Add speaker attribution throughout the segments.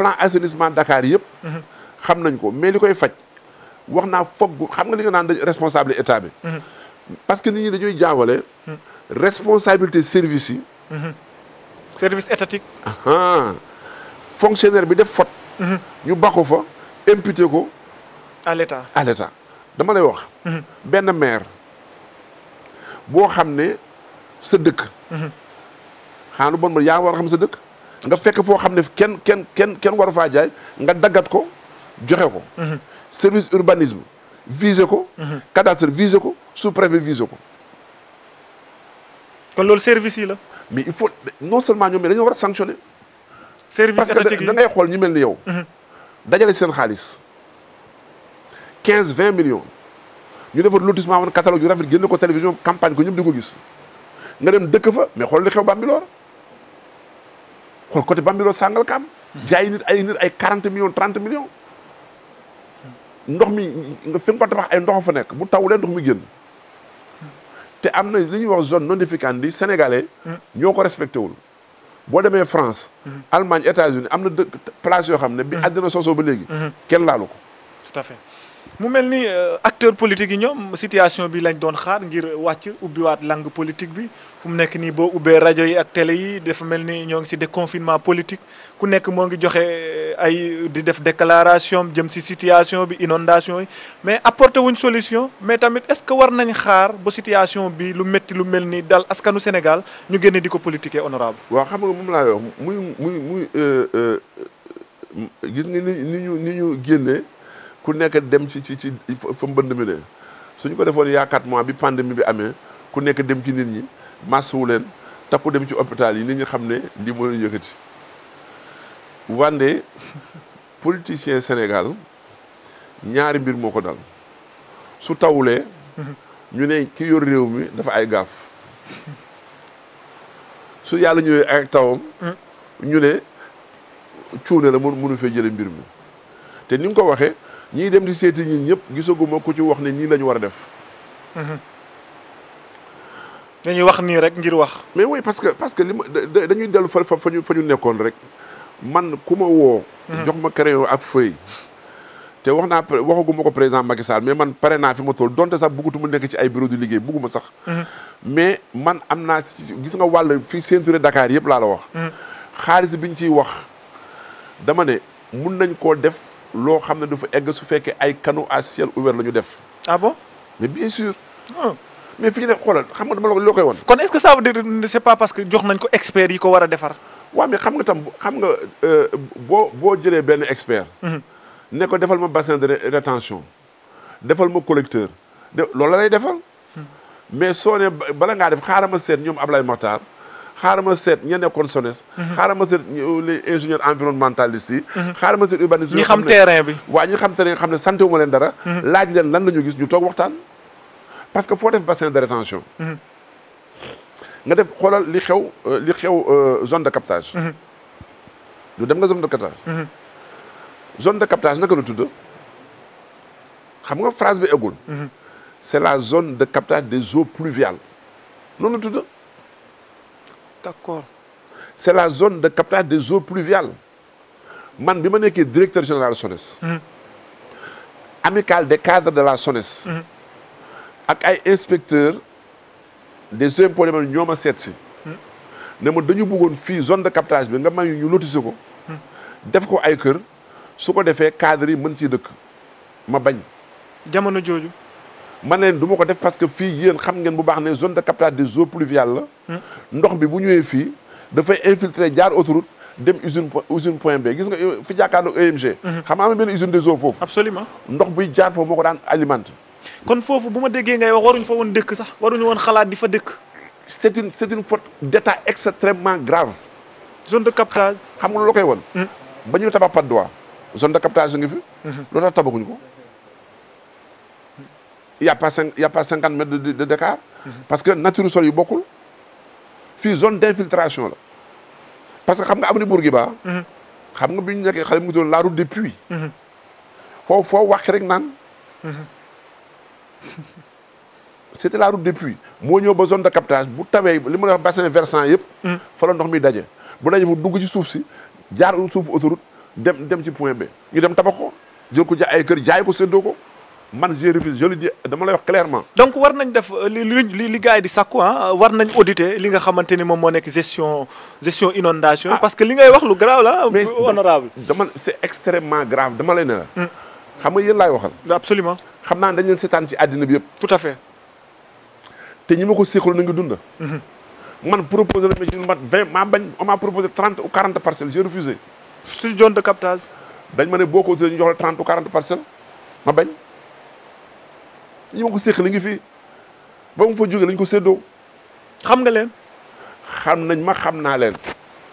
Speaker 1: plan assainissement Dakar yëpp. xam nañ ko mais koy faj wax naa foog xam nga li nga naan dañ responsable état bi. parce que nit ñi dañuy jaawale. responsabilité service yi. service étatique. fonctionnaire bi def faute. ñu bako fa imputé ko. à l'état dama lay wax. benn maire boo xam ne sa dëkk. Mhm. xanaa lu bon ma yaa war xam sa dëkk. nga fekk foo xam ne kenn kenn kenn kenn waru faa jaay nga daggat ko joxe ko. Mhm. service urbanisme visé ko. Mhm. cadastre visé ko sous préfet visé ko. kon loolu service yi la. mais il faut non seulement ñoom mais dañoo war a sanctionner. service étatique yi parce que da ngay xool ñu mel ni yow. Mhm. dajale seen xaalis 15 20 millions ñu defar lotissement woon catalogue yu rafet génne ko télévision campagne ko ñëpp di ko gis nga dem dëkk fa mais xool li xew Bambilor. xool côté Bambilor Sangalkam. jaay nit ay nit ay 40 millions 30 millions. ndox mi nga fi nga ko tabax ay ndox fa nekk bu tawulee ndox mi génn. te am na li ñuy wax zone non ficandi sénégalais. ñoo ko respecté wul. boo demee France. Allemagne États-Unis am na dëkk place yoo xam ne. bi mm. àddina sosoo ba léegi. Mm-hmm. kenn laalu ko. mu mel ni euh, acteur politique yi situation bi lañ doon xaar ngir wàcc wat langue politique bi fum mu nekk nii boo ubbee rajo yi ak télé yi dafa mel ni ñoo ngi ci déconfinement politique ku nekk moo ngi joxe euh, ay di def déclaration jëm ci situation bi inondation mais apporter wuñ solution mais tamit est-ce que war nañ xaar ba situation bi lu métti lu mel ni dal askanu Sénégal ñu génne dico politique honorable waaw xam nga moom laa wax muy muy muy euh, gis nga ni ñu ni ñu génnee ku nekk dem ci ci ci fa mbënd mi ne suñu ko defoon yaa quatre mois bi pandémie bi amee ku nekk dem ci nit ñi massuwu leen takku dem ci hôpital yi nit ñi xam ne lii moo leen yëkkati wande politicien Sénégal ñaari mbir moo ko dal su tawulee ñu ne ki yor réew mi dafa ay gaaf su yàlla ñëwee ak tawam ñu ne cuune la mënu fee jële mbir mi te ni ko waxee ñii dem di seeti ñi ñëpp gisaguma ku ci wax ne nii la ñu war a def. Mhm. dañuy wax nii rek ngir wax. mais oui parce que parce que li ma dañuy dellu fa fa ñu nekkoon rek man ku ma woo. Mhm. jox ma crayon ak feuille. te wax naa waxaguma ko président Macky Sall mais man pare naa fi ma toll donte sax bëggatu nekk ci ay bureau du liggéey bëgguma sax. Mhm. mais man am naa gis nga wàll fi ceinture Dakar yëpp laa la wax. xaalis bi ñu ciy wax dama ne mun nañ koo def. lo xamne ne dafa egg su fekke ay canaux à ciel ouvert lañu def. ah bon mais bien sûr. Ah. mais fi ne xoolal xam nga dama la koy won kon est-ce que ça veut dire c'est pas parce que jox nañ ko expert yi ko war a defar. waaw mais xam nga tam xam nga euh, bo bo jëlé ben expert. Mhm. ne ko defal ma bassin de rétention defal ma collecteur de la lay defal. Mhm. mais soo ne bala nga def xaaral ma seet ñoom xaaral set seet ña nekkoon SONES. Mhm. xaaral ma les ingénieurs environnementalistes yi. Mhm. xaaral ma seet urbanistes yi ñi xam terrain bi. waa ñi xam terrain xam ne sant wu ma leen dara. Mhm. laaj leen lan la ñu gis ñu toog waxtaan. parce que foo def bassin de rétention.
Speaker 2: nga
Speaker 1: def xoolal li xew euh, li xew euh, zone de captage. du dem nga zone de captage. zone de captage naka la tudd xam nga phrase bi eggul. c'est la zone de captage des eaux pluviales noonu la tudd. D'accord. C'est la zone de captage des eaux pluviales. Man, je suis directeur général de SONES. Hmm. Amical des cadres de la SONES. Hmm. Avec inspecteur des impôts de l'Union Nous avons une zone de captage, nous avons une Nous avons fait le cadre de Je man leen du ko def parce que fi yeen xam ngeen bu baax ne zone de captage des eaux pluviales la. Hmm. ndox bi bu fi da fay infiltrer jaar autoroute dem usine usine point B gis nga euh, fi jàkkaarloo EMG. Hmm. xam am benn usine des eaux foofu. absolument ndox bu jaar foofu moo daan alimenté. kon foofu bu ma déggee ngay wax waruñ fa won dëkk sax waruñ won xalaat difa fa dëkk. c' une c'est une faute d'état extrêmement grave. zone de captage. xam nga loolu la koy woon. Hmm. ba ñuy tabax Patte droit zone de captage nga fi. lu tax tabaxuñu ko il n'y a pas 50 pas mètres de de d'écart parce que nature sol beaucoup C'est zone d'infiltration parce que Bourguiba xam nga la route des puits c'était la route des puits de captage bu versant il faut la ndox mi daje bu fu dugg ci si autoroute point B ñu dem ko ja ay kër man je refuse je le dis clairement. donc war nañ def euh, li li gars di ah, war nañ auditer li nga gestion inondation ah. parce que li ngay wax lu grave euh, honorable c'est extrêmement grave dama lay que hmm. xam nga waxal. absolument xam dañ leen ci tout à fait. té ñi hmm. man proposé la on m'a proposé 30 ou 40 parcelles j'ai refusé. sur zone de captage. dañ ma ne ou 40 parcelles ma bañ. ñi ma ko séq li ngi fii ba mu fa lañ ko séddoo. xam nga leen. xam nañ ma xam naa leen.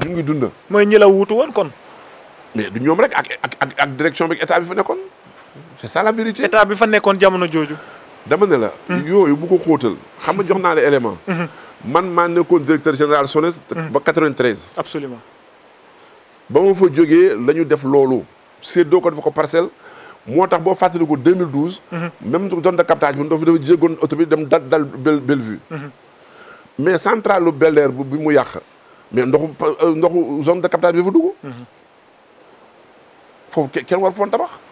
Speaker 1: ñu ngi dund. mooy ñu la wuutu woon kon. mais du ñoom rek ak ak ak direction bi état bi fa nekkoon c'est ça la vérité. état bi fa nekkoon jamono jooju. dama ne la. Hmm. yooyu bu ko xam nga jox naa la élément. Hmm. man maa nekkoon directeur général SONES. Hmm. ba 93. absolument ba ma fa jógee lañu def loolu séddoo ko dafa ko parcelle. Moi, moo tax boo en 2012. même zone de captage je de Bellevue. Mhm. mais centrale le Bel Air bi mu mais euh, zone de captage bi de dugg. Mhm. foofu war